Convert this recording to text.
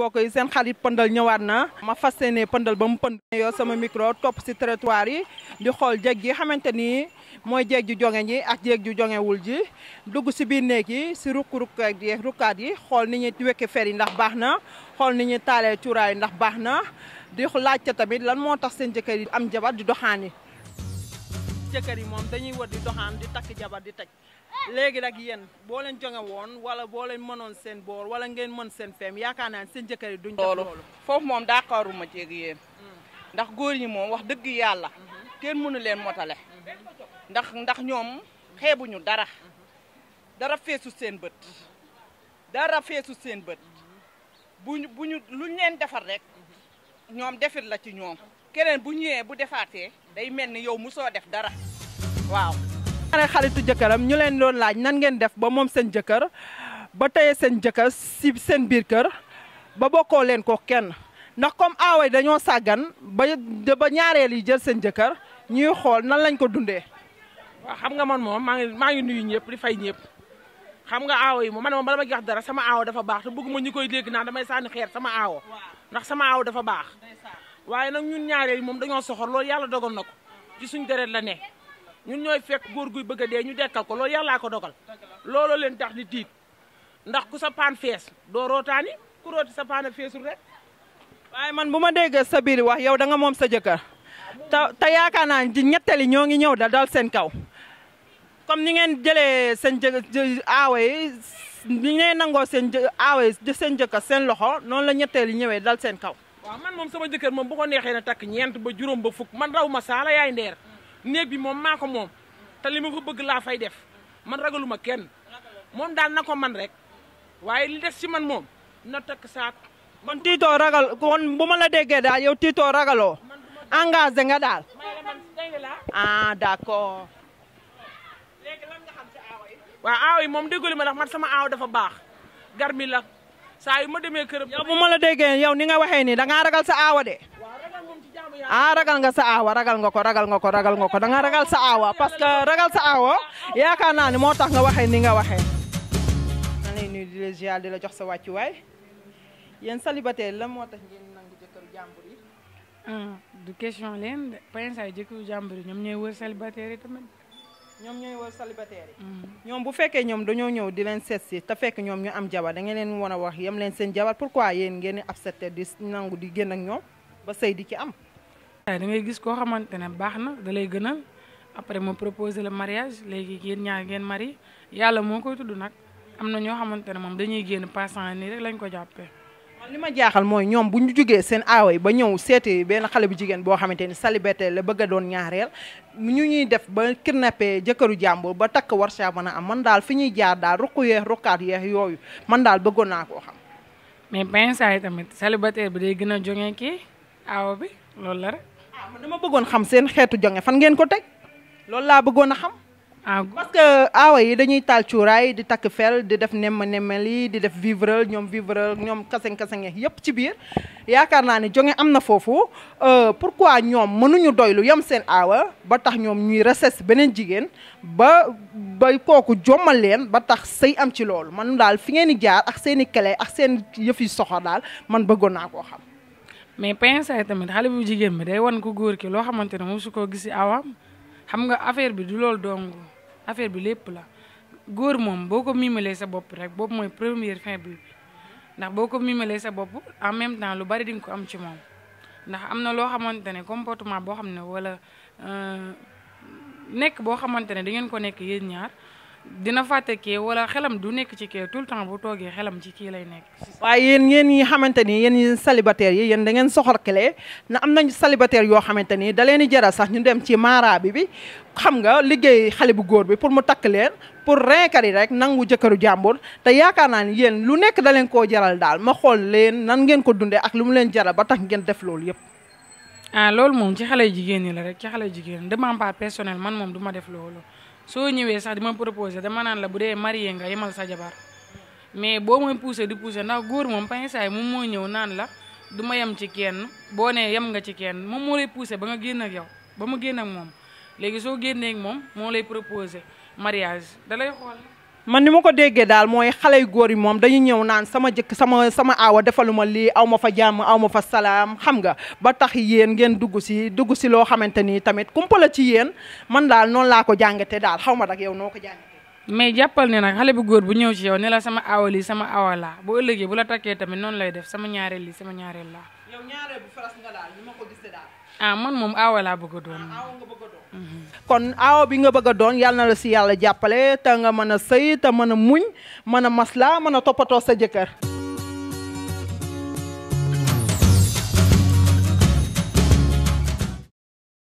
mbokk yi seen xarit pëndal ñëwaat na ma fas yéene pëndal ba mu pënd yoo sama micro topp si territoire yi di xool jéeg yi xamante ni mooy jéeg ju jonge ji ak jéeg ju jongewul ji dugg si biir néeg yi si rukk-rukk yeeg rukkaat yi xool ni ñuy wekki fer yi ndax baax na xool ni ñuy taalee cuuraay ndax baax na di laajte tamit lan moo tax seen jëkkër yi am jabar di doxaan yi jëkkër yi moom dañuy war di doxaan di takk jabar di teg léegi nag yéen boo leen jonge woon wala boo leen mënoon seen boor wala ngeen mën seen feem yaakaar naa seen jëkkër yi duñ loolu foofu moom d'accorduma ci ak yéen hmm. ndax góor ñi moom wax dëgg yàlla hmm. kenn mënu leen motale hmm. ndax ndax ñoom xeebuñu dara dara feesu seen bët dara feesu seen bët buñu buñu luñ leen defar rek ñoom defit la ci ñoom keneen bu ñëwee bu defaatee day mel ni yow musoo def dara waaw. ne xaritu jëkkëram ñu leen doon laaj nan ngeen def ba moom seen jëkkër ba teye seen jëkkër si seen biir kër ba bokkoo leen ko kenn ndax comme yi dañoo sàggan ba ba ñaareel yi jël seen jëkkër ñuy xool nan lañ ko dundee. xam nga man moom maa ngi maa ngi nuyu ñëpp di fay ñëpp xam nga aawo yi moom man moom bala ma jox dara sama aawo dafa baax te bëgguma ñu koy dégg naa damay sànni xeer sama aawo ndax sama aawo dafa baax. waaye nag ñun ñaareel moom dañoo soxor loolu yàlla dogal na ko ci suñ deret la ne ñun ñooy fekk góor guy bëgg a dee ñu dekkal ko loolu yàllaa ko dogal looloo leen tax di tiit ndax ku sa paan fees doo rootaani ku rooti sa feesul rek waaye man bu ma dégg sa biir wax yow da nga moom sa jëkkër ta te yaakaar naa di ñettali ñoo ngi ñëw da dal seen kaw comme ni ngeen jëlee seen jë aawa yi nangoo seen aawa yi seen jëkkër seen loxo noonu la ñetteel yi ñëwee dal seen kaw waaw man moom sama jëkkër moom bu ko neexee na takk ñeent ba juróom ba fukk man raw ma saala yaay ndeer néeg bi moom maa ko moom te li ma fa bëgg laa fay def man ragaluma kenn moom daal na ko man rek waaye li des ci man moom na takk saak man tiitoo ragal kon bu ma la déggee daal yow tiitoo ragaloo engagé nga daal ah d'accord léegi lan nga xam ci aaw yi waaw yi moom déggoo li ma ndax man sama aaw dafa baax garmi la saa yu ma demee këram. yow bu ma la déggee yow ni nga waxee nii da ragal sa aawa de. ah ragal nga sa aawa ragal nga ko ragal nga ko ragal nga ko da nga ragal sa aawa parce que ragal sa aawa yaakaar naa ne moo tax nga waxee ni nga waxee. maa lay nuyu di la di la jox sa wàccuwaay yéen célibataire la moo tax ngeen nangu jëkkëru jàmbur yi. Ah, du question leen de par exemple jëkkëru jàmbur yi ñoom ñooy wër célibataire tamit. ñoom ñooy wër célibataire mm. ñoom bu fekkee ñoom dañoo ñëw di leen seet si te fekk ñoom ñu am jabar da ngeen leen wan a wax yem leen seen jabar pourquoi yéen ngeen di accepté di nangu di génn ak ñoom ba sëy di ci am da ngay gis koo xamante ne baax na da lay gënal après ma proposé le mariage léegi yéen ñaar ngeen mari yàlla moo koy tudd nag am na ñoo xamante ne moom dañuy génn passant nii rek lañ ko jàppee man li ma jaaxal mooy ñoom bu ñu jógee seen aawa yi ba ñëw seeti benn xale bu jigéen boo xamante ni célibataire la bëgg doon ñaareel ñu ñuy def ba kidnappé jëkkëru jàmbur ba takk war saa mën a am man daal fi ñuy jaar daal ruq yeex ruqaat yeex yooyu man daal bëggoon naa koo xam mais pinsa yi tamit célibataire bi day gën a jógee kii aawa bi loolu la rek ah dama bëggoon xam seen xeetu jonge fan ngeen ko teg loolu laa bëggoon a xam ah parce que yi ah dañuy taal cuuraay di takk fel di def nemm nemmel yi di def vivre ñoom vivre ñoom kaseng kaseng yëpp ci biir yaakaar naa ne jonge am na foofu euh, pour quoi ñoom mënuñu doylu yam seen aawa ba tax ñoom ñuy recherche beneen jigéen ba ba kooku jommal leen ba tax sëy am ci loolu man daal fi ngeen di jaar ak seen i clé ak seen yëf yi soxor daal man bëggoon naa koo xam. mais pince tamit xale bu jigéen bi day wan ko góor ki loo xamante ne moom su ko gis si xam nga affaire bi du loolu dong affaire bi lépp la góor moom boo ko mimalee sa bopp rek boobu mooy première fin bi ndax boo ko mimalee sa bopp en même temps lu bari di nga ko am ci moom ndax am na loo xamante ne comportement boo xam ne wala euh, nekk boo xamante ne da ngeen ko nekk yéen ñaar dina fàtte kii wala xelam du nekk ci ke tout le temps bu toogee xelam ci kii lay nekk. waaye yéen yéen ñi xamante ni yéen yéen yi yéen da ngeen soxor clé na am nañ célibataire yoo xamante ni da leen di jaral sax ñu dem ci maara bi xam nga liggéey xale bu góor bi pour mu takk leen pour renkar yi rek nangu jëkkëru jàmbur te yaakaar naa ni yéen lu nekk da leen koo jaral daal ma xool leen nan ngeen ko dundee ak lu mu leen jaral ba tax ngeen def loolu yëpp. ah loolu moom ci jigéen ñi la rek ci jigéen de ma personnel man moom du ma def loolu. soo ñëwee sax di ma proposé dama naan la bu dee marié nga yemal sa jabar mais boo mooy poussé di poussé ndax góor moom painsaay moom moo ñëw naan la du ma yem ci kenn boo nee yem nga ci kenn moom moo lay poussé ba nga génn ak yow ba mu génn ak moom léegi soo génnee ak moom moo lay proposé mariage da lay xool man ni ma ko déggee daal mooy xale yu góor yi moom dañu ñëw naan sama jëkk sama sama aawa defaluma lii aw ma fa jàmm aw ma fa salaam xam nga ba tax yéen ngeen dugg si dugg si loo xamante nii tamit kumpa la ci yéen man daal noon laa ko jàngate daal xaw ma nag yow noo ko jàngate mais jàppal ne nag xale bu góor bu ñëw ci yow ne la sama aawa lii sama aawa laa bu ëllëgee bu la takkee tamit noonu lay def sama ñaareel lii sama ñaareel laa ah man moom aawa laa bëgg a doon. Ah, mhm. kon aawa bi nga bëgg a doon yàlla na la si yàlla jàppale te nga mën a sëy te man a muñ mën a maslaa mën a toppatoo sa jëkkër.